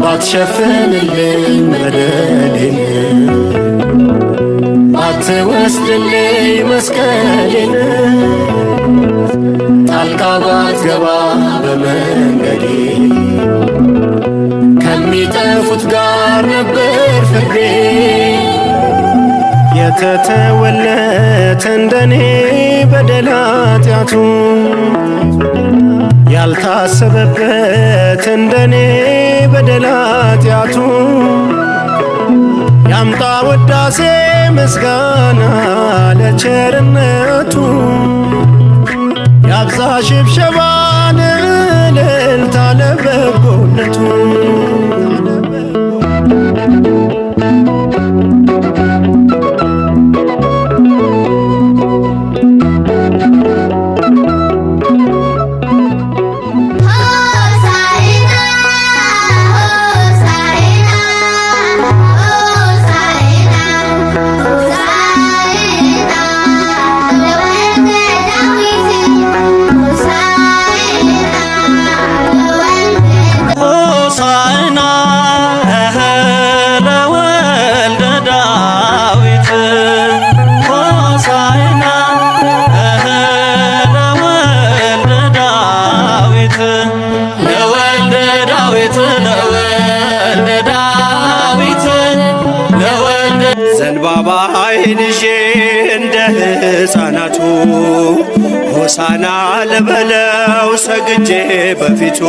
ባትሸፍንልኝ በደሌን ባትወስድልኝ መስቀሌን ጣልቃ ባትገባ በመንገዴ ከሚጠፉት ጋር ነበር ፍሬ የተተወለት እንደኔ በደል ኃጢአቱ ያልታሰበበት እንደኔ በደል ኃጢአቱ ያምጣ ውዳሴ ምስጋና ለቸርነቱ ያብዛ ሽብሸባን ለበጎነቱ ለወልደ ዳዊት ለወልደ ዳዊት ለወልደ ዘንባባ አይንሼ እንደ ሕፃናቱ ሆሳና ልበለው ሰግጄ በፊቱ